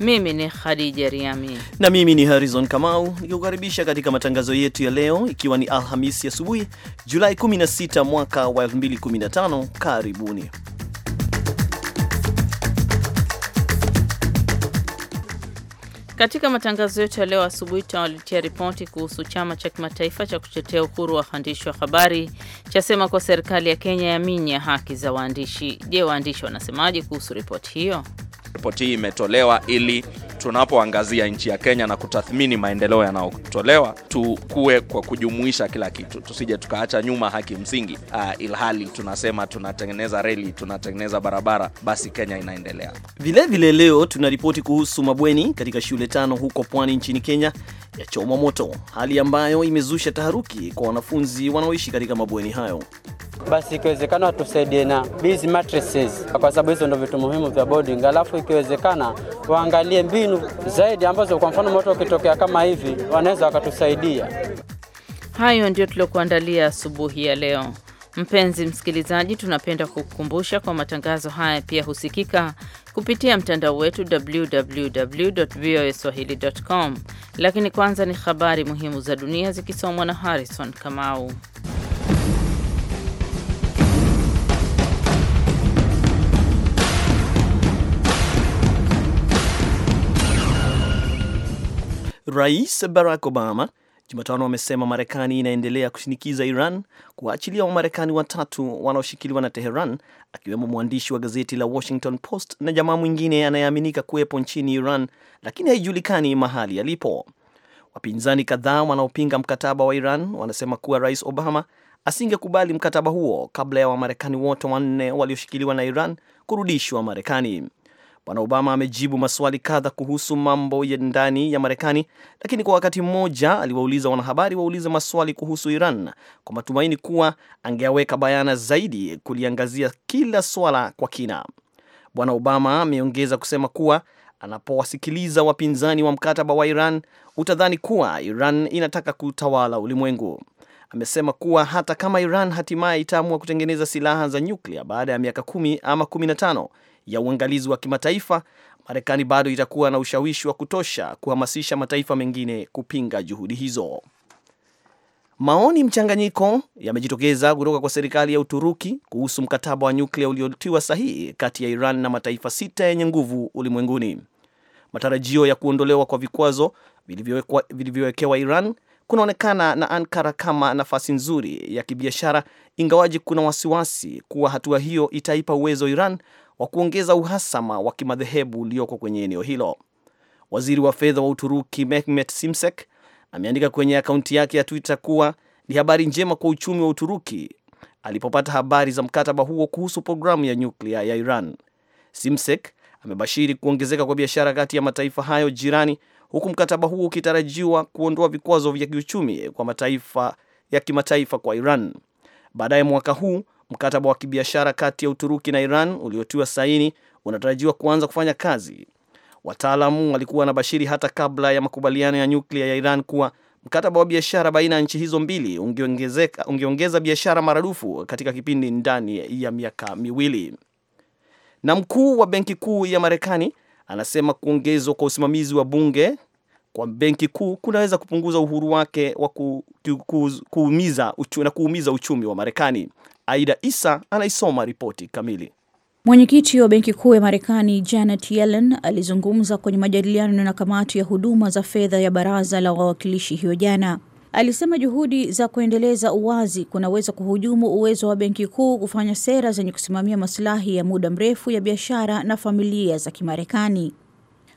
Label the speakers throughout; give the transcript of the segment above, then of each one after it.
Speaker 1: mimi ni Khadija Riami
Speaker 2: na mimi ni Harrison Kamau nikikukaribisha katika matangazo yetu ya leo, ikiwa ni Alhamisi asubuhi Julai 16 mwaka wa 2015. Karibuni
Speaker 1: katika matangazo yetu ya leo asubuhi. Tunawaletea ripoti kuhusu chama cha kimataifa cha kutetea uhuru wa waandishi wa habari chasema kuwa serikali ya Kenya yaminya haki za waandishi. Je, waandishi wanasemaje kuhusu ripoti hiyo?
Speaker 3: Ripoti hii imetolewa ili tunapoangazia nchi ya Kenya na kutathmini maendeleo yanayotolewa, tukue kwa kujumuisha kila kitu, tusije tukaacha nyuma haki msingi uh, ilhali tunasema tunatengeneza reli, tunatengeneza barabara, basi Kenya inaendelea
Speaker 2: vilevile. Vile leo tunaripoti kuhusu mabweni katika shule tano huko pwani nchini Kenya ya choma moto, hali ambayo imezusha
Speaker 4: taharuki kwa wanafunzi wanaoishi katika mabweni hayo. Basi ikiwezekana watusaidie na these kwa sababu hizo ndio vitu muhimu vya boarding, alafu ikiwezekana waangalie mbinu mbinu zaidi ambazo kwa mfano moto ukitokea kama hivi wanaweza wakatusaidia.
Speaker 1: Hayo ndio tuliokuandalia asubuhi ya leo. Mpenzi msikilizaji, tunapenda kukukumbusha kwa matangazo haya pia husikika kupitia mtandao wetu www.voaswahili.com. Lakini kwanza ni habari muhimu za dunia zikisomwa na Harrison Kamau.
Speaker 2: Rais Barack Obama Jumatano amesema Marekani inaendelea kushinikiza Iran kuwaachilia Wamarekani watatu wanaoshikiliwa na Teheran, akiwemo mwandishi wa gazeti la Washington Post na jamaa mwingine anayeaminika kuwepo nchini Iran, lakini haijulikani mahali alipo. Wapinzani kadhaa wanaopinga mkataba wa Iran wanasema kuwa Rais Obama asingekubali mkataba huo kabla ya Wamarekani wote wanne walioshikiliwa na Iran kurudishwa Marekani. Bwana Obama amejibu maswali kadha kuhusu mambo ya ndani ya Marekani, lakini kwa wakati mmoja aliwauliza wanahabari waulize maswali kuhusu Iran kwa matumaini kuwa angeaweka bayana zaidi kuliangazia kila swala kwa kina. Bwana Obama ameongeza kusema kuwa anapowasikiliza wapinzani wa mkataba wa Iran utadhani kuwa Iran inataka kutawala ulimwengu. Amesema kuwa hata kama Iran hatimaye itaamua kutengeneza silaha za nyuklia baada ya miaka kumi ama kumi na tano, ya uangalizi wa kimataifa, Marekani bado itakuwa na ushawishi wa kutosha kuhamasisha mataifa mengine kupinga juhudi hizo. Maoni mchanganyiko yamejitokeza kutoka kwa serikali ya Uturuki kuhusu mkataba wa nyuklia uliotiwa sahihi kati ya Iran na mataifa sita yenye nguvu ulimwenguni. Matarajio ya kuondolewa kwa vikwazo vilivyowekewa Iran kunaonekana na Ankara kama nafasi nzuri ya kibiashara, ingawaji kuna wasiwasi kuwa hatua hiyo itaipa uwezo Iran wa kuongeza uhasama wa kimadhehebu ulioko kwenye eneo hilo. Waziri wa fedha wa Uturuki Mehmet Simsek ameandika kwenye akaunti yake ya Twitter kuwa ni habari njema kwa uchumi wa Uturuki alipopata habari za mkataba huo kuhusu programu ya nyuklia ya Iran. Simsek amebashiri kuongezeka kwa biashara kati ya mataifa hayo jirani, huku mkataba huo ukitarajiwa kuondoa vikwazo vya kiuchumi kwa mataifa ya kimataifa kwa Iran baadaye mwaka huu. Mkataba wa kibiashara kati ya Uturuki na Iran uliotiwa saini unatarajiwa kuanza kufanya kazi. Wataalamu walikuwa na bashiri hata kabla ya makubaliano ya nyuklia ya Iran kuwa mkataba wa biashara baina ya nchi hizo mbili ungeongezeka ungeongeza biashara maradufu katika kipindi ndani ya miaka miwili. Na mkuu wa benki kuu ya Marekani anasema kuongezwa kwa usimamizi wa bunge kwa benki kuu kunaweza kupunguza uhuru wake wa ku, ku, ku, kuumiza, uchu, na kuumiza uchumi wa Marekani. Aida Isa anaisoma ripoti kamili.
Speaker 5: Mwenyekiti wa benki kuu ya Marekani Janet Yellen alizungumza kwenye majadiliano na kamati ya huduma za fedha ya baraza la wawakilishi hiyo jana. Alisema juhudi za kuendeleza uwazi kunaweza kuhujumu uwezo wa benki kuu kufanya sera zenye kusimamia masilahi ya muda mrefu ya biashara na familia za Kimarekani.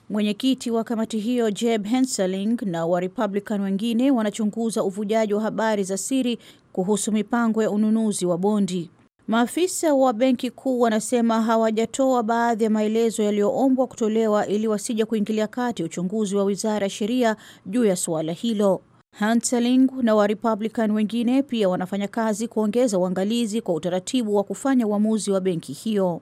Speaker 5: Mwenyekiti wa kamati hiyo Jeb Henseling na Warepublican wengine wanachunguza uvujaji wa habari za siri kuhusu mipango ya ununuzi wa bondi. Maafisa wa benki kuu wanasema hawajatoa baadhi ya maelezo yaliyoombwa kutolewa ili wasije kuingilia kati uchunguzi wa wizara ya sheria juu ya suala hilo. Hanseling na Warepublican wengine pia wanafanya kazi kuongeza uangalizi kwa utaratibu wa kufanya uamuzi wa benki hiyo.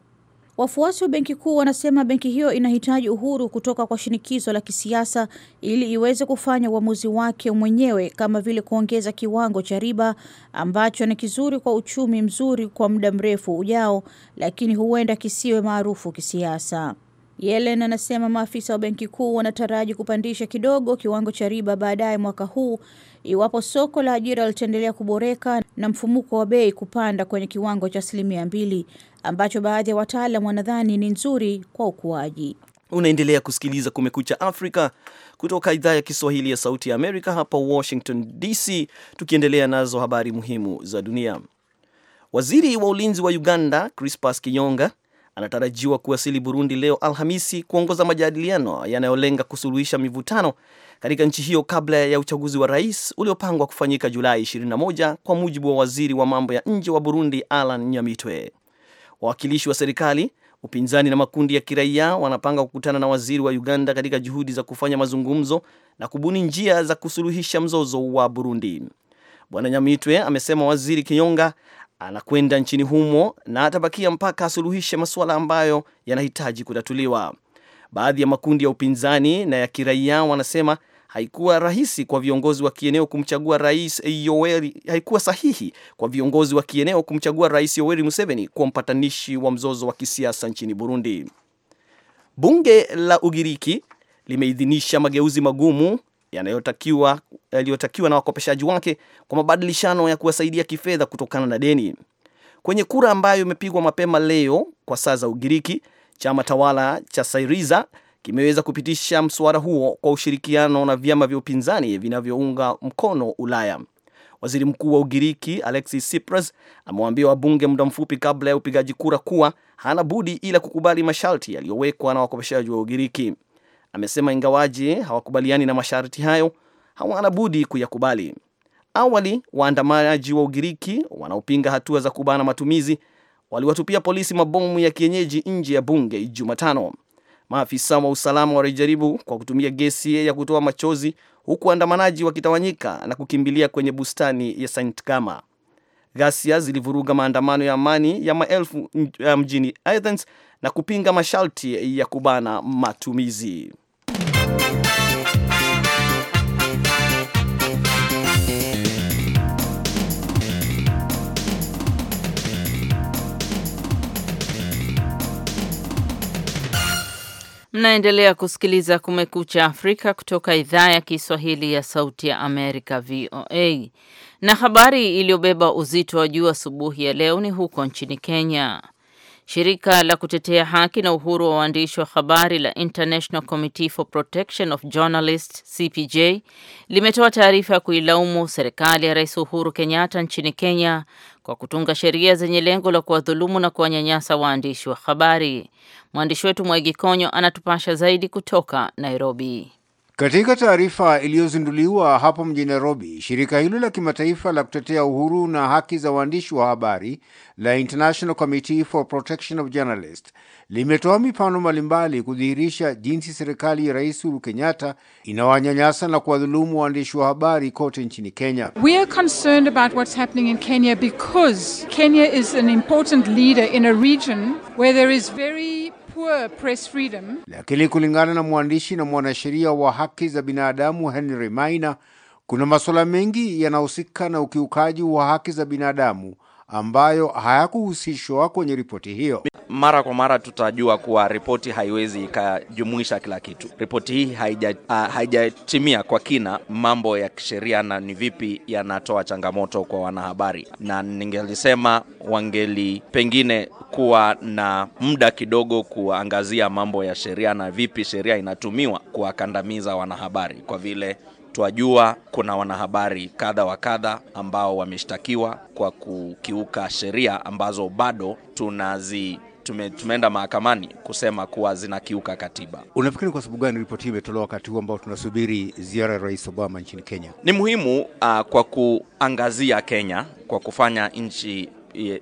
Speaker 5: Wafuasi wa benki kuu wanasema benki hiyo inahitaji uhuru kutoka kwa shinikizo la kisiasa ili iweze kufanya uamuzi wake mwenyewe kama vile kuongeza kiwango cha riba ambacho ni kizuri kwa uchumi mzuri kwa muda mrefu ujao, lakini huenda kisiwe maarufu kisiasa. Yellen anasema maafisa wa benki kuu wanataraji kupandisha kidogo kiwango cha riba baadaye mwaka huu iwapo soko la ajira litaendelea kuboreka na mfumuko wa bei kupanda kwenye kiwango cha asilimia mbili ambacho baadhi ya wataalam wanadhani ni nzuri kwa ukuaji.
Speaker 2: Unaendelea kusikiliza Kumekucha Afrika kutoka idhaa ya Kiswahili ya Sauti ya Amerika hapa Washington DC, tukiendelea nazo habari muhimu za dunia. Waziri wa ulinzi wa Uganda crispas Kiyonga anatarajiwa kuwasili Burundi leo Alhamisi kuongoza majadiliano yanayolenga kusuluhisha mivutano katika nchi hiyo kabla ya uchaguzi wa rais uliopangwa kufanyika Julai 21 kwa mujibu wa waziri wa mambo ya nje wa Burundi Alan Nyamitwe. Wawakilishi wa serikali, upinzani na makundi ya kiraia wanapanga kukutana na waziri wa Uganda katika juhudi za kufanya mazungumzo na kubuni njia za kusuluhisha mzozo wa Burundi. Bwana Nyamitwe amesema waziri kinyonga anakwenda nchini humo na atabakia mpaka asuluhishe masuala ambayo yanahitaji kutatuliwa. Baadhi ya makundi ya upinzani na ya kiraia wanasema haikuwa rahisi kwa viongozi wa kieneo kumchagua rais Yoweri, haikuwa sahihi kwa viongozi wa kieneo kumchagua rais Yoweri Museveni kuwa mpatanishi wa mzozo wa kisiasa nchini Burundi. Bunge la Ugiriki limeidhinisha mageuzi magumu yanayotakiwa yaliyotakiwa na wakopeshaji wake kwa mabadilishano ya kuwasaidia kifedha kutokana na deni. Kwenye kura ambayo imepigwa mapema leo kwa saa za Ugiriki, chama tawala cha Syriza kimeweza kupitisha mswada huo kwa ushirikiano na vyama vya upinzani vinavyounga mkono Ulaya. Waziri Mkuu wa Ugiriki Alexis Tsipras amewaambia wabunge muda mfupi kabla ya upigaji kura kuwa hana budi ila kukubali masharti yaliyowekwa na wakopeshaji wa Ugiriki amesema ingawaje hawakubaliani na masharti hayo hawana budi kuyakubali. Awali waandamanaji wa Ugiriki wanaopinga hatua za kubana matumizi waliwatupia polisi mabomu ya kienyeji nje ya bunge Jumatano. Maafisa wa usalama walijaribu kwa kutumia gesi ya kutoa machozi, huku waandamanaji wakitawanyika na kukimbilia kwenye bustani ya St Gama. Ghasia zilivuruga maandamano ya amani ya maelfu eh, mjini Athens na kupinga masharti ya kubana matumizi.
Speaker 1: Mnaendelea kusikiliza Kumekucha Afrika kutoka idhaa ya Kiswahili ya Sauti ya Amerika, VOA. Na habari iliyobeba uzito wa juu asubuhi ya leo ni huko nchini Kenya. Shirika la kutetea haki na uhuru wa waandishi wa habari la International Committee for Protection of Journalists CPJ limetoa taarifa ya kuilaumu serikali ya Rais Uhuru Kenyatta nchini Kenya kwa kutunga sheria zenye lengo la kuwadhulumu na kuwanyanyasa waandishi wa habari. Mwandishi wetu Mwaigi Konyo anatupasha zaidi kutoka Nairobi.
Speaker 6: Katika taarifa iliyozinduliwa hapo mjini Nairobi, shirika hilo la kimataifa la kutetea uhuru na haki za waandishi wa habari la International Committee for Protection of Journalists limetoa mifano mbalimbali kudhihirisha jinsi serikali ya Rais Uhuru Kenyatta inawanyanyasa na kuwadhulumu waandishi wa habari kote nchini Kenya.
Speaker 7: We are concerned about what's happening in Kenya because Kenya is an important leader in a region where there is very poor press freedom.
Speaker 6: Lakini kulingana na mwandishi na mwanasheria wa haki za binadamu Henry Maina, kuna masuala mengi yanahusika na ukiukaji wa haki za binadamu ambayo hayakuhusishwa kwenye ripoti
Speaker 3: hiyo. Mara kwa mara tutajua kuwa ripoti haiwezi ikajumuisha kila kitu. Ripoti hii ah, haijatimia kwa kina mambo ya kisheria na ni vipi yanatoa changamoto kwa wanahabari, na ningelisema wangeli pengine kuwa na muda kidogo kuangazia mambo ya sheria na vipi sheria inatumiwa kuwakandamiza wanahabari kwa vile Twajua kuna wanahabari kadha wa kadha ambao wameshtakiwa kwa kukiuka sheria ambazo bado tunazi tume, tumeenda mahakamani kusema kuwa zinakiuka katiba.
Speaker 6: Unafikiri kwa sababu gani ripoti hii imetolewa wakati huu ambao tunasubiri ziara ya Rais Obama nchini Kenya?
Speaker 3: Ni muhimu uh, kwa kuangazia Kenya kwa kufanya nchi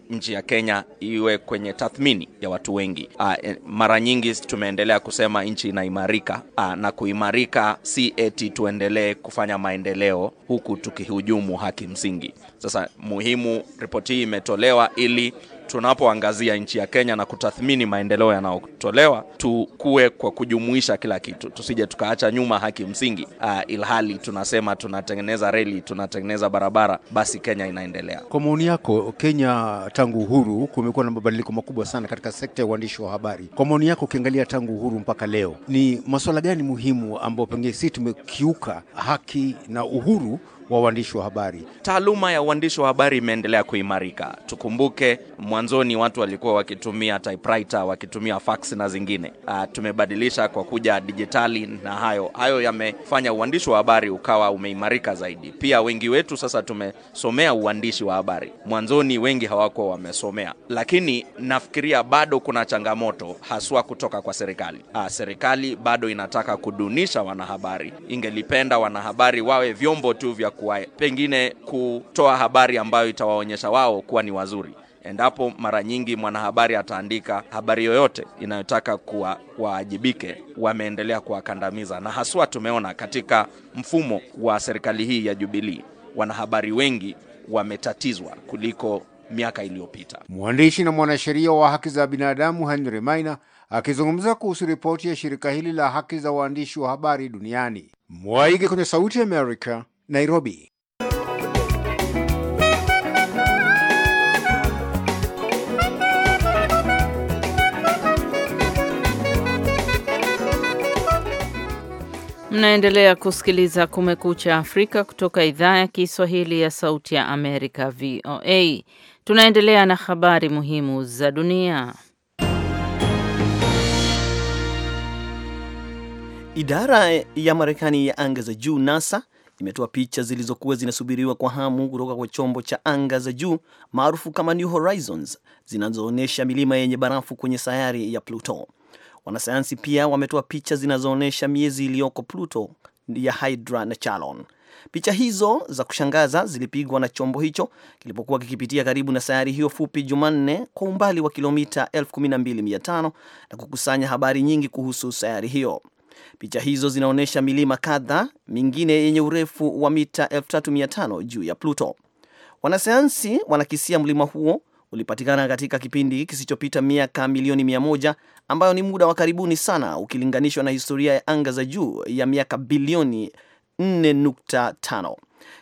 Speaker 3: nchi ya Kenya iwe kwenye tathmini ya watu wengi. Ah, e, mara nyingi tumeendelea kusema nchi inaimarika. Ah, na kuimarika si eti tuendelee kufanya maendeleo huku tukihujumu haki msingi. Sasa muhimu, ripoti hii imetolewa ili tunapoangazia nchi ya Kenya na kutathmini maendeleo yanayotolewa, tukue kwa kujumuisha kila kitu, tusije tukaacha nyuma haki msingi. Uh, ilhali tunasema tunatengeneza reli, tunatengeneza barabara, basi Kenya inaendelea.
Speaker 6: Kwa maoni yako, Kenya tangu uhuru kumekuwa na mabadiliko makubwa sana katika sekta ya uandishi wa habari. Kwa maoni yako, ukiangalia tangu uhuru mpaka leo, ni masuala gani muhimu ambayo pengine sisi tumekiuka haki na uhuru wa waandishi wa habari.
Speaker 3: Taaluma ya uandishi wa habari imeendelea kuimarika. Tukumbuke mwanzoni watu walikuwa wakitumia typewriter, wakitumia fax na zingine. Uh, tumebadilisha kwa kuja dijitali na hayo hayo yamefanya uandishi wa habari ukawa umeimarika zaidi. Pia wengi wetu sasa tumesomea uandishi wa habari, mwanzoni wengi hawakuwa wamesomea, lakini nafikiria bado kuna changamoto haswa kutoka kwa serikali. Uh, serikali bado inataka kudunisha wanahabari, ingelipenda wanahabari wawe vyombo tu vya ku kuwa pengine kutoa habari ambayo itawaonyesha wao kuwa ni wazuri endapo mara nyingi mwanahabari ataandika habari yoyote inayotaka kuwa waajibike, wameendelea kuwakandamiza, na haswa tumeona katika mfumo wa serikali hii ya jubilii wanahabari wengi wametatizwa kuliko miaka iliyopita.
Speaker 6: Mwandishi na mwanasheria wa haki za binadamu Henry Maina akizungumza kuhusu ripoti ya shirika hili la haki za waandishi wa habari duniani. Mwaige kwenye Sauti Amerika, Nairobi.
Speaker 1: Mnaendelea kusikiliza Kumekucha Afrika kutoka idhaa ya Kiswahili ya Sauti ya Amerika, VOA. Tunaendelea na habari muhimu za dunia. Idara
Speaker 2: ya Marekani ya anga za juu, NASA, imetoa picha zilizokuwa zinasubiriwa kwa hamu kutoka kwa chombo cha anga za juu maarufu kama New Horizons zinazoonyesha milima yenye barafu kwenye sayari ya Pluto. Wanasayansi pia wametoa picha zinazoonyesha miezi iliyoko Pluto ya Hydra na Charon. Picha hizo za kushangaza zilipigwa na chombo hicho kilipokuwa kikipitia karibu na sayari hiyo fupi Jumanne kwa umbali wa kilomita 12500 na kukusanya habari nyingi kuhusu sayari hiyo. Picha hizo zinaonyesha milima kadha mingine yenye urefu wa mita 3500 juu ya Pluto. Wanasayansi wanakisia mlima huo ulipatikana katika kipindi kisichopita miaka milioni 1 ambayo ni muda wa karibuni sana ukilinganishwa na historia ya anga za juu ya miaka bilioni 4.5.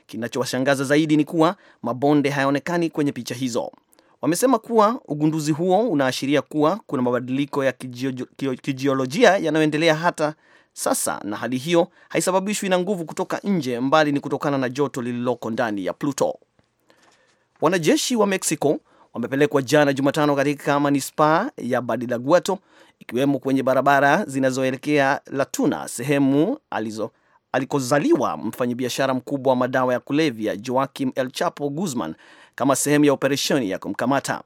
Speaker 2: Kinachowashangaza zaidi ni kuwa mabonde hayaonekani kwenye picha hizo. Wamesema kuwa ugunduzi huo unaashiria kuwa kuna mabadiliko ya kijiolojia yanayoendelea hata sasa, na hali hiyo haisababishwi na nguvu kutoka nje, mbali ni kutokana na joto lililoko ndani ya Pluto. Wanajeshi wa Mexico wamepelekwa jana Jumatano katika manispaa ya badilaguato ikiwemo kwenye barabara zinazoelekea Latuna, sehemu alizo alikozaliwa mfanyabiashara mkubwa wa madawa ya kulevya Joaquim El Chapo Guzman kama sehemu ya operesheni ya kumkamata.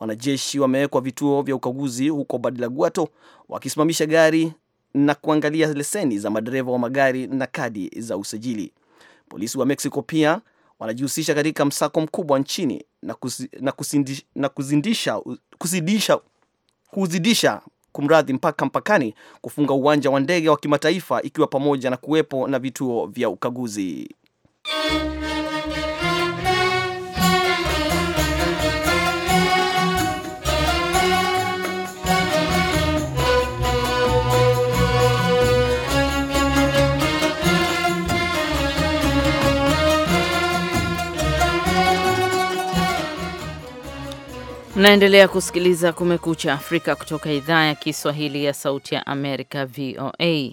Speaker 2: Wanajeshi wamewekwa vituo vya ukaguzi huko Badlaguato wakisimamisha gari na kuangalia leseni za madereva wa magari na kadi za usajili. Polisi wa Mexico pia wanajihusisha katika msako mkubwa nchini na, kusi, na, kusindi, na kuzindisha, kuzidisha, kuzidisha kumradhi mpaka mpakani kufunga uwanja wa ndege wa kimataifa ikiwa pamoja na kuwepo na vituo vya ukaguzi.
Speaker 1: Mnaendelea kusikiliza Kumekucha Afrika kutoka idhaa ya Kiswahili ya Sauti ya Amerika, VOA.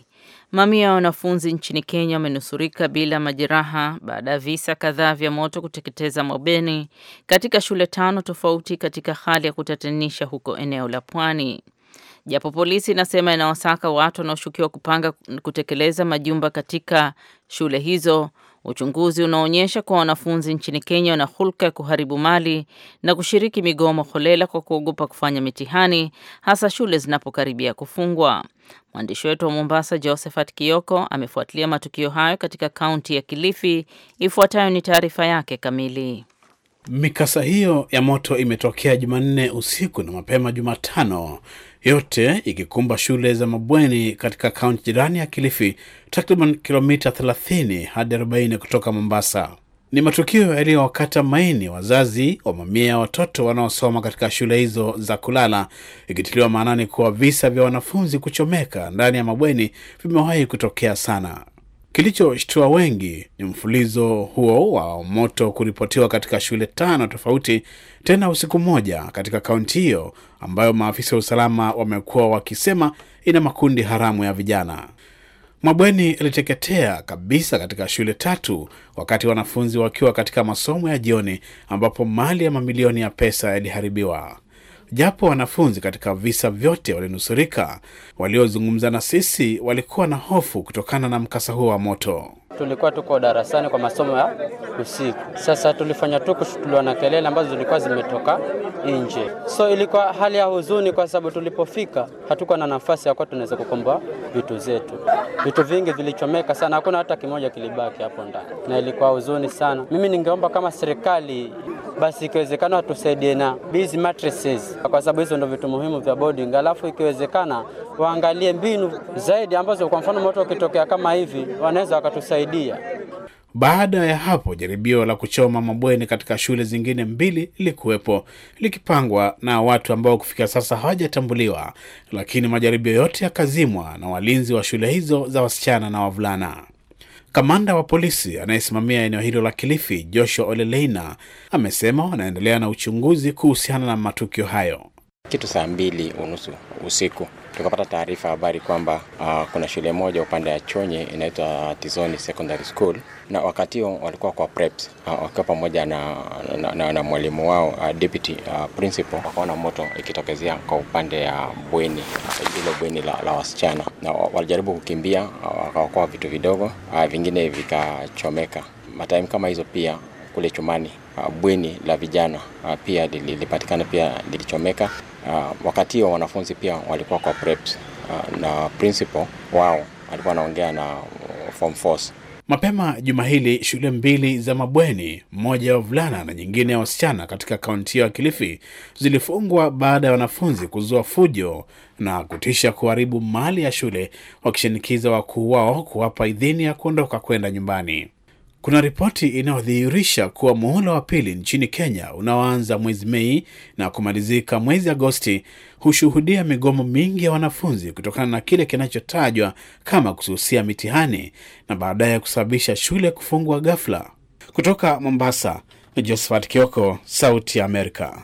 Speaker 1: Mamia ya wanafunzi nchini Kenya wamenusurika bila majeraha baada ya visa kadhaa vya moto kuteketeza mabweni katika shule tano tofauti katika hali ya kutatanisha huko eneo la pwani. Japo polisi inasema inawasaka watu wanaoshukiwa kupanga kutekeleza majumba katika shule hizo, Uchunguzi unaonyesha kuwa wanafunzi nchini Kenya wana hulka ya kuharibu mali na kushiriki migomo holela kwa kuogopa kufanya mitihani, hasa shule zinapokaribia kufungwa. Mwandishi wetu wa Mombasa, Josephat Kioko, amefuatilia matukio hayo katika kaunti ya Kilifi. Ifuatayo ni taarifa yake kamili.
Speaker 4: Mikasa hiyo ya moto imetokea Jumanne usiku na mapema Jumatano, yote ikikumba shule za mabweni katika kaunti jirani ya Kilifi, takriban kilomita 30 hadi 40 kutoka Mombasa. Ni matukio yaliyowakata maini wazazi wa mamia ya watoto wanaosoma katika shule hizo za kulala, ikitiliwa maanani kuwa visa vya wanafunzi kuchomeka ndani ya mabweni vimewahi kutokea sana. Kilichoshtua wengi ni mfulizo huo wa moto kuripotiwa katika shule tano tofauti, tena usiku mmoja, katika kaunti hiyo ambayo maafisa wa usalama wamekuwa wakisema ina makundi haramu ya vijana. Mabweni iliteketea kabisa katika shule tatu wakati wanafunzi wakiwa katika masomo ya jioni, ambapo mali ya mamilioni ya pesa yaliharibiwa japo wanafunzi katika visa vyote walinusurika. Waliozungumza na sisi walikuwa na hofu kutokana na mkasa huo wa moto tulikuwa tuko darasani kwa masomo ya usiku. Sasa tulifanya tu kushutuliwa na kelele ambazo zilikuwa zimetoka nje, so ilikuwa hali ya huzuni, kwa sababu tulipofika hatukuwa na nafasi ya kuwa tunaweza kukomboa vitu zetu. Vitu vingi vilichomeka sana, hakuna hata kimoja kilibaki hapo ndani, na ilikuwa huzuni sana. Mimi ningeomba kama serikali basi ikiwezekana watusaidie na busy mattresses kwa sababu hizo ndio vitu muhimu vya boarding. Alafu ikiwezekana waangalie mbinu zaidi ambazo, kwa mfano moto ukitokea kama hivi, wanaweza wakatusaidia kusaidia. Baada ya hapo, jaribio la kuchoma mabweni katika shule zingine mbili lilikuwepo likipangwa na watu ambao kufikia sasa hawajatambuliwa, lakini majaribio yote yakazimwa na walinzi wa shule hizo za wasichana na wavulana. Kamanda wa polisi anayesimamia eneo hilo la Kilifi, Joshua Oleleina, amesema wanaendelea na uchunguzi kuhusiana na matukio hayo. Kitu saa
Speaker 6: mbili unusu usiku tukapata taarifa habari kwamba uh, kuna shule moja upande ya Chonye inaitwa Tizoni Secondary School, na wakati huo walikuwa kwa preps uh, wakiwa pamoja na, na, na, na mwalimu wao uh, deputy uh, principal, wakaona moto ikitokezea kwa upande ya bweni hilo uh, bweni la, la wasichana, na walijaribu kukimbia uh, wakaokoa vitu vidogo uh, vingine vikachomeka. Mataimu kama hizo pia kule Chumani Uh, bweni la vijana uh, pia lilipatikana pia lilichomeka. Uh, wakati wa wanafunzi pia walikuwa kwa preps na principal wao alikuwa anaongea
Speaker 4: na form force. Mapema juma hili shule mbili za mabweni, moja ya wavulana na nyingine ya wasichana katika kaunti ya Kilifi zilifungwa baada ya wanafunzi kuzua fujo na kutisha kuharibu mali ya shule, wakishinikiza wakuu wao kuwapa idhini ya kuondoka kwenda nyumbani. Kuna ripoti inayodhihirisha kuwa muhula wa pili nchini Kenya unaoanza mwezi Mei na kumalizika mwezi Agosti hushuhudia migomo mingi ya wanafunzi kutokana na kile kinachotajwa kama kususia mitihani na baadaye kusababisha shule kufungwa ghafla. Kutoka Mombasa, Josephat Kioko, Sauti ya Amerika.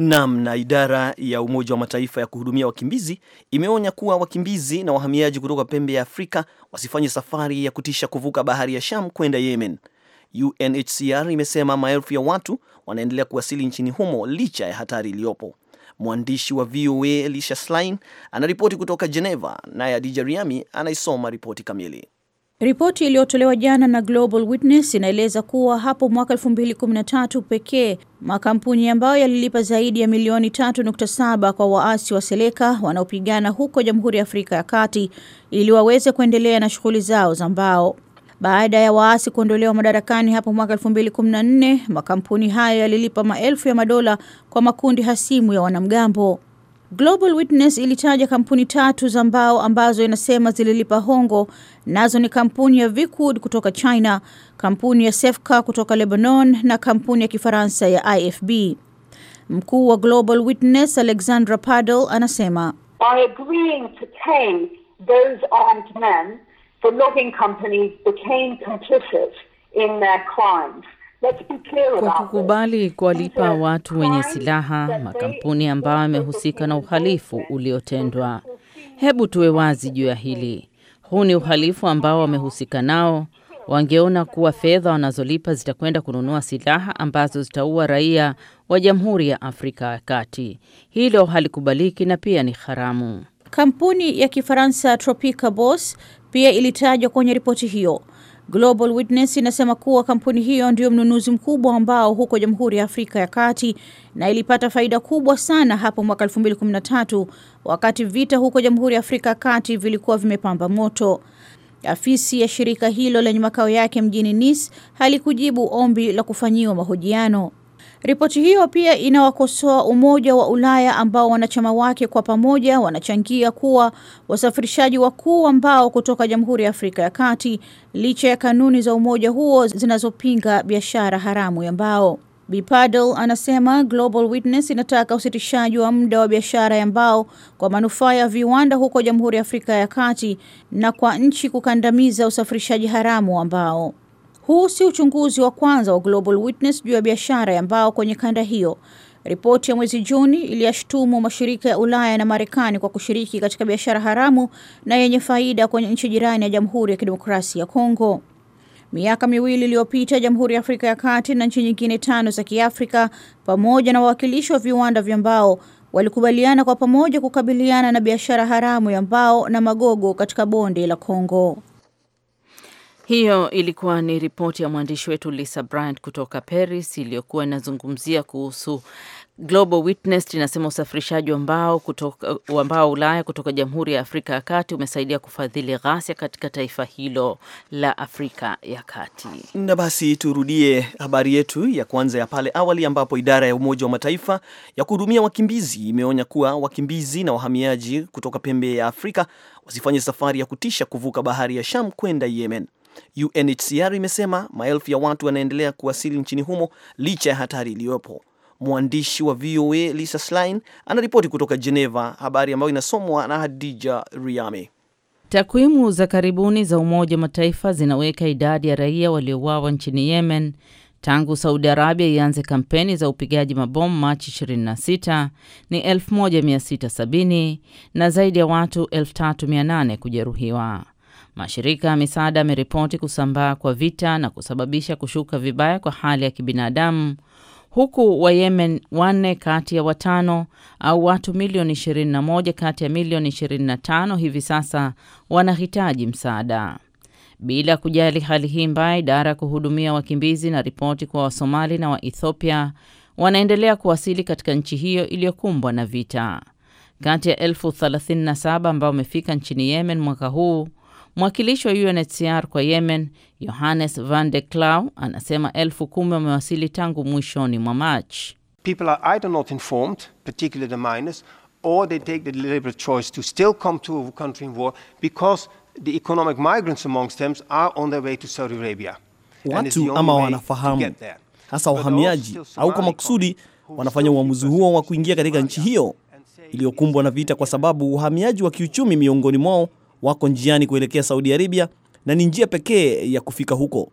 Speaker 2: Nam na idara ya Umoja wa Mataifa ya kuhudumia wakimbizi imeonya kuwa wakimbizi na wahamiaji kutoka pembe ya Afrika wasifanye safari ya kutisha kuvuka bahari ya Sham kwenda Yemen. UNHCR imesema maelfu ya watu wanaendelea kuwasili nchini humo licha ya hatari iliyopo. Mwandishi wa VOA Elisha Schlein anaripoti kutoka Geneva, naye Adija Riami anaisoma ripoti kamili.
Speaker 5: Ripoti iliyotolewa jana na Global Witness inaeleza kuwa hapo mwaka 2013 pekee makampuni ambayo yalilipa zaidi ya milioni 3.7 kwa waasi wa Seleka wanaopigana huko Jamhuri ya Afrika ya Kati ili waweze kuendelea na shughuli zao za mbao. Baada ya waasi kuondolewa madarakani hapo mwaka 2014, makampuni hayo yalilipa maelfu ya madola kwa makundi hasimu ya wanamgambo. Global Witness ilitaja kampuni tatu za mbao ambazo inasema zililipa hongo, nazo ni kampuni ya Vikud kutoka China, kampuni ya Sefka kutoka Lebanon na kampuni ya Kifaransa ya IFB. Mkuu wa Global Witness Alexandra Padel anasema By agreeing to pay those armed men, the logging companies became complicit in their crimes. Kwa
Speaker 1: kukubali kuwalipa watu wenye silaha makampuni ambayo yamehusika na uhalifu uliotendwa. Hebu tuwe wazi juu ya hili. Huu ni uhalifu ambao wamehusika nao. Wangeona kuwa fedha wanazolipa zitakwenda kununua silaha ambazo zitaua raia wa Jamhuri ya Afrika ya Kati. Hilo halikubaliki
Speaker 5: na pia ni haramu. Kampuni ya Kifaransa Tropica Boss pia ilitajwa kwenye ripoti hiyo. Global Witness inasema kuwa kampuni hiyo ndiyo mnunuzi mkubwa ambao huko Jamhuri ya Afrika ya Kati na ilipata faida kubwa sana hapo mwaka 2013 wakati vita huko Jamhuri ya Afrika ya Kati vilikuwa vimepamba moto. Afisi ya shirika hilo lenye makao yake mjini Nice halikujibu ombi la kufanyiwa mahojiano. Ripoti hiyo pia inawakosoa Umoja wa Ulaya ambao wanachama wake kwa pamoja wanachangia kuwa wasafirishaji wakuu wa mbao kutoka Jamhuri ya Afrika ya Kati licha ya kanuni za umoja huo zinazopinga biashara haramu ya mbao. Bipadel anasema Global Witness inataka usitishaji wa muda wa biashara ya mbao kwa manufaa ya viwanda huko Jamhuri ya Afrika ya Kati na kwa nchi kukandamiza usafirishaji haramu wa mbao. Huu si uchunguzi wa kwanza wa Global Witness juu ya biashara ya mbao kwenye kanda hiyo. Ripoti ya mwezi Juni iliyashtumu mashirika ya Ulaya na Marekani kwa kushiriki katika biashara haramu na yenye faida kwenye nchi jirani ya Jamhuri ya Kidemokrasia ya Kongo. Miaka miwili iliyopita, Jamhuri ya Afrika ya Kati na nchi nyingine tano za Kiafrika pamoja na wawakilishi wa viwanda vya mbao walikubaliana kwa pamoja kukabiliana na biashara haramu ya mbao na magogo katika bonde la Kongo.
Speaker 1: Hiyo ilikuwa ni ripoti ya mwandishi wetu Lisa Bryant kutoka Paris iliyokuwa inazungumzia kuhusu Global Witness inasema usafirishaji wa mbao kutoka wa mbao Ulaya kutoka Jamhuri ya Afrika ya Kati umesaidia kufadhili ghasia katika taifa hilo la Afrika ya Kati.
Speaker 2: Na basi turudie habari yetu ya kwanza ya pale awali ambapo idara ya Umoja wa Mataifa ya kuhudumia wakimbizi imeonya kuwa wakimbizi na wahamiaji kutoka pembe ya Afrika wasifanye safari ya kutisha kuvuka bahari ya Sham kwenda Yemen. UNHCR imesema maelfu ya watu wanaendelea kuwasili nchini humo licha ya hatari iliyopo. Mwandishi wa VOA Lisa Schlein anaripoti kutoka Geneva, habari ambayo inasomwa na Hadija Riame.
Speaker 1: Takwimu za karibuni za Umoja wa Mataifa zinaweka idadi ya raia waliouawa nchini Yemen tangu Saudi Arabia ianze kampeni za upigaji mabomu Machi 26 ni 1670 na zaidi ya watu 3800 kujeruhiwa. Mashirika ya misaada yameripoti kusambaa kwa vita na kusababisha kushuka vibaya kwa hali ya kibinadamu huku Wayemen wanne kati ya watano au watu milioni 21 kati ya milioni 25 hivi sasa wanahitaji msaada. Bila kujali hali hii mbaya, idara ya kuhudumia wakimbizi na ripoti kwa Wasomali na Waethiopia wanaendelea kuwasili katika nchi hiyo iliyokumbwa na vita. Kati ya elfu 37 ambao wamefika nchini Yemen mwaka huu, Mwakilishi wa UNHCR kwa Yemen, Johannes van de Clau, anasema elfu kumi wamewasili tangu mwishoni mwa Machi.
Speaker 6: People are either not informed, particularly the minors, or they take the deliberate choice to still come to a country in war because the economic migrants amongst them are on their way to Saudi Arabia. Watu ama
Speaker 2: wanafahamu hasa wahamiaji au kwa makusudi wanafanya uamuzi huo wa kuingia katika nchi hiyo iliyokumbwa na vita, kwa sababu uhamiaji wa kiuchumi miongoni mwao wako njiani kuelekea Saudi Arabia na ni njia pekee ya kufika huko.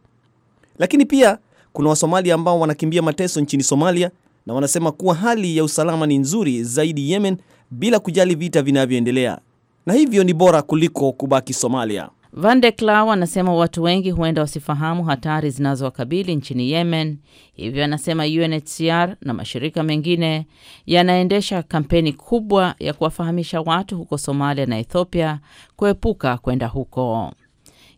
Speaker 2: Lakini pia kuna Wasomali ambao wanakimbia mateso nchini Somalia na wanasema kuwa hali ya usalama ni nzuri zaidi Yemen bila kujali vita vinavyoendelea, na hivyo ni bora kuliko kubaki Somalia.
Speaker 1: Van de Klaw anasema watu wengi huenda wasifahamu hatari zinazowakabili nchini Yemen, hivyo anasema UNHCR na mashirika mengine yanaendesha kampeni kubwa ya kuwafahamisha watu huko Somalia na Ethiopia kuepuka kwenda huko.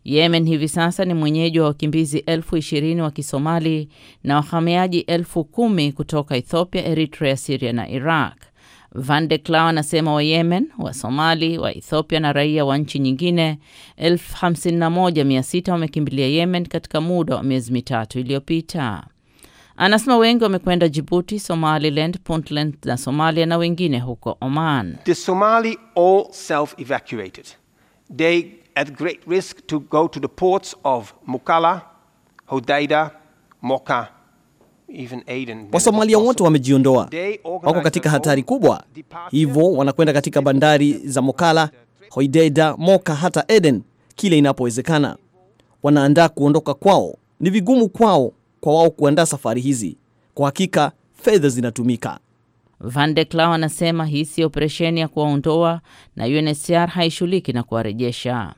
Speaker 1: Yemen hivi sasa ni mwenyeji wa wakimbizi elfu ishirini wa Kisomali na wahamiaji elfu kumi kutoka Ethiopia, Eritrea, Siria na Iraq. Van de Clau anasema wa Yemen, wa Somali, wa Ethiopia na raia wa nchi nyingine 51600 wamekimbilia Yemen katika muda wa miezi mitatu iliyopita. Anasema wengi wamekwenda Djibouti, Somaliland, Puntland na Somalia na wengine huko Oman.
Speaker 6: The Somali all self evacuated. They at great risk to go to the ports of Mukalla, Hodeida, Moka
Speaker 2: Wasomalia wote wamejiondoa, wako katika hatari kubwa, hivyo wanakwenda katika bandari za Mokala, hoideda Moka hata Eden kile inapowezekana. Wanaandaa kuondoka kwao. Ni vigumu kwao kwa wao kuandaa safari hizi.
Speaker 1: Kwa hakika fedha zinatumika. Van de Clau anasema hii si operesheni ya kuwaondoa na UNHCR haishughuliki na kuwarejesha.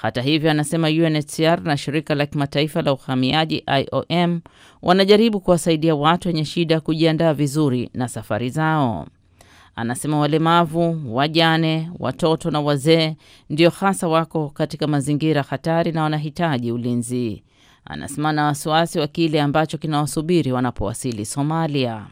Speaker 1: Hata hivyo, anasema UNHCR na shirika la kimataifa la uhamiaji IOM wanajaribu kuwasaidia watu wenye shida kujiandaa vizuri na safari zao. Anasema walemavu, wajane, watoto na wazee ndio hasa wako katika mazingira hatari na wanahitaji ulinzi. Anasema na wasiwasi wa kile ambacho kinawasubiri wanapowasili Somalia.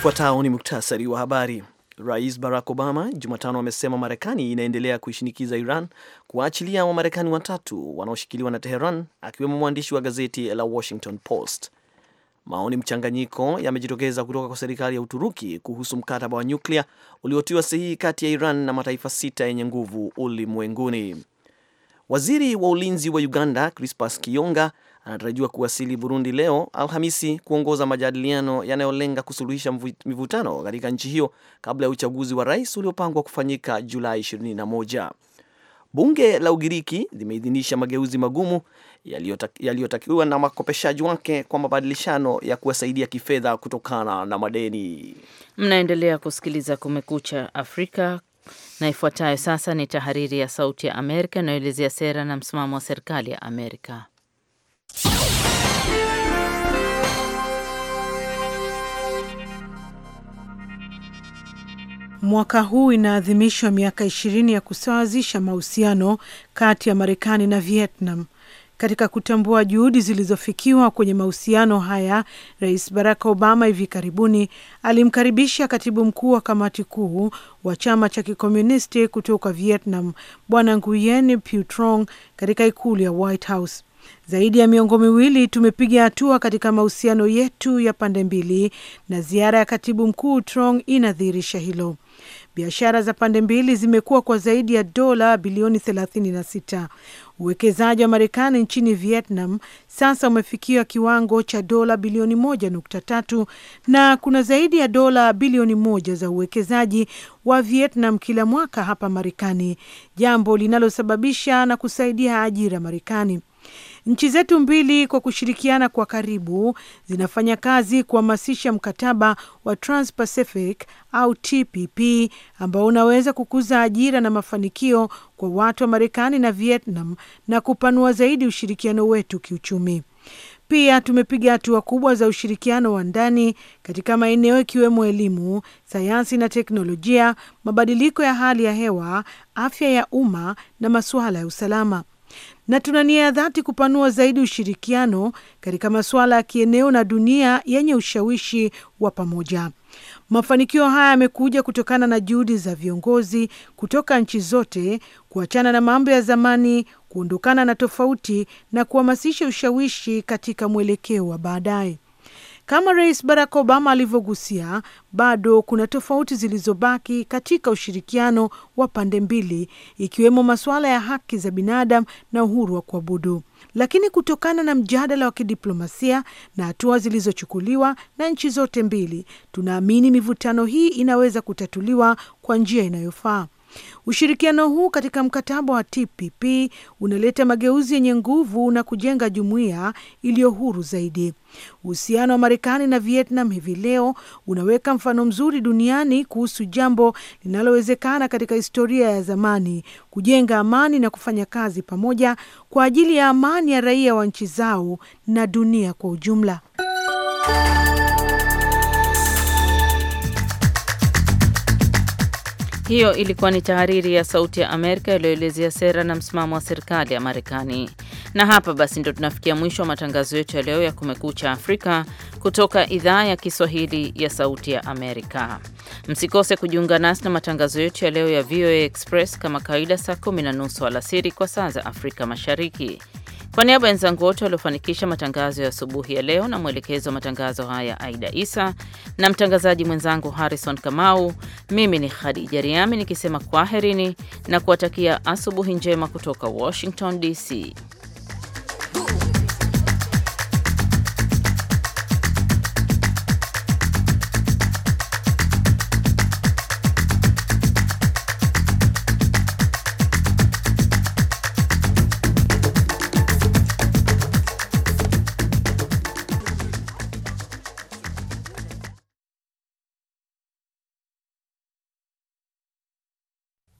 Speaker 2: Ufuatao ni muktasari wa habari. Rais Barack Obama Jumatano amesema Marekani inaendelea kuishinikiza Iran kuwaachilia Wamarekani watatu wanaoshikiliwa na Teheran, akiwemo mwandishi wa gazeti la Washington Post. Maoni mchanganyiko yamejitokeza kutoka kwa serikali ya Uturuki kuhusu mkataba wa nyuklia uliotiwa sahihi kati ya Iran na mataifa sita yenye nguvu ulimwenguni. Waziri wa ulinzi wa Uganda Crispas Kionga anatarajiwa kuwasili Burundi leo Alhamisi kuongoza majadiliano yanayolenga kusuluhisha mivutano katika nchi hiyo kabla ya uchaguzi wa rais uliopangwa kufanyika Julai 21. Bunge la Ugiriki limeidhinisha mageuzi magumu yaliyotakiwa na makopeshaji wake kwa mabadilishano ya kuwasaidia kifedha kutokana na madeni.
Speaker 1: Mnaendelea kusikiliza Kumekucha Afrika na ifuatayo sasa ni tahariri ya Sauti ya Amerika inayoelezea sera na msimamo wa serikali ya Amerika.
Speaker 7: Mwaka huu inaadhimishwa miaka ishirini ya kusawazisha mahusiano kati ya Marekani na Vietnam. Katika kutambua juhudi zilizofikiwa kwenye mahusiano haya, Rais Barack Obama hivi karibuni alimkaribisha katibu mkuu wa kamati kuu wa chama cha kikomunisti kutoka Vietnam, Bwana Nguyen Phu Trong katika ikulu ya White House. Zaidi ya miongo miwili tumepiga hatua katika mahusiano yetu ya pande mbili, na ziara ya katibu mkuu Trong inadhihirisha hilo. Biashara za pande mbili zimekuwa kwa zaidi ya dola bilioni 36. Uwekezaji wa Marekani nchini Vietnam sasa umefikia kiwango cha dola bilioni 1.3 na kuna zaidi ya dola bilioni moja za uwekezaji wa Vietnam kila mwaka hapa Marekani, jambo linalosababisha na kusaidia ajira Marekani. Nchi zetu mbili kwa kushirikiana kwa karibu zinafanya kazi kuhamasisha mkataba wa Trans-Pacific au TPP ambao unaweza kukuza ajira na mafanikio kwa watu wa Marekani na Vietnam na kupanua zaidi ushirikiano wetu kiuchumi. Pia tumepiga hatua kubwa za ushirikiano wa ndani katika maeneo ikiwemo elimu, sayansi na teknolojia, mabadiliko ya hali ya hewa, afya ya umma na masuala ya usalama na tuna nia ya dhati kupanua zaidi ushirikiano katika masuala ya kieneo na dunia yenye ushawishi wa pamoja. Mafanikio haya yamekuja kutokana na juhudi za viongozi kutoka nchi zote kuachana na mambo ya zamani, kuondokana na tofauti na kuhamasisha ushawishi katika mwelekeo wa baadaye. Kama Rais Barack Obama alivyogusia, bado kuna tofauti zilizobaki katika ushirikiano wa pande mbili, ikiwemo masuala ya haki za binadamu na uhuru wa kuabudu. Lakini kutokana na mjadala wa kidiplomasia na hatua zilizochukuliwa na nchi zote mbili, tunaamini mivutano hii inaweza kutatuliwa kwa njia inayofaa. Ushirikiano huu katika mkataba wa TPP unaleta mageuzi yenye nguvu na kujenga jumuiya iliyo huru zaidi. Uhusiano wa Marekani na Vietnam hivi leo unaweka mfano mzuri duniani kuhusu jambo linalowezekana katika historia ya zamani, kujenga amani na kufanya kazi pamoja kwa ajili ya amani ya raia wa nchi zao na dunia kwa ujumla.
Speaker 1: Hiyo ilikuwa ni tahariri ya Sauti ya Amerika iliyoelezea sera na msimamo wa serikali ya Marekani. Na hapa basi ndo tunafikia mwisho wa matangazo yetu ya leo ya Kumekucha Afrika kutoka idhaa ya Kiswahili ya Sauti ya Amerika. Msikose kujiunga nasi na matangazo yetu ya leo ya VOA Express kama kawaida, saa kumi na nusu alasiri kwa saa za Afrika Mashariki. Kwa niaba ya wenzangu wote waliofanikisha matangazo ya asubuhi ya leo na mwelekezi wa matangazo haya Aida Isa na mtangazaji mwenzangu Harrison Kamau, mimi ni Khadija Riami nikisema kwaherini na kuwatakia asubuhi njema kutoka Washington DC.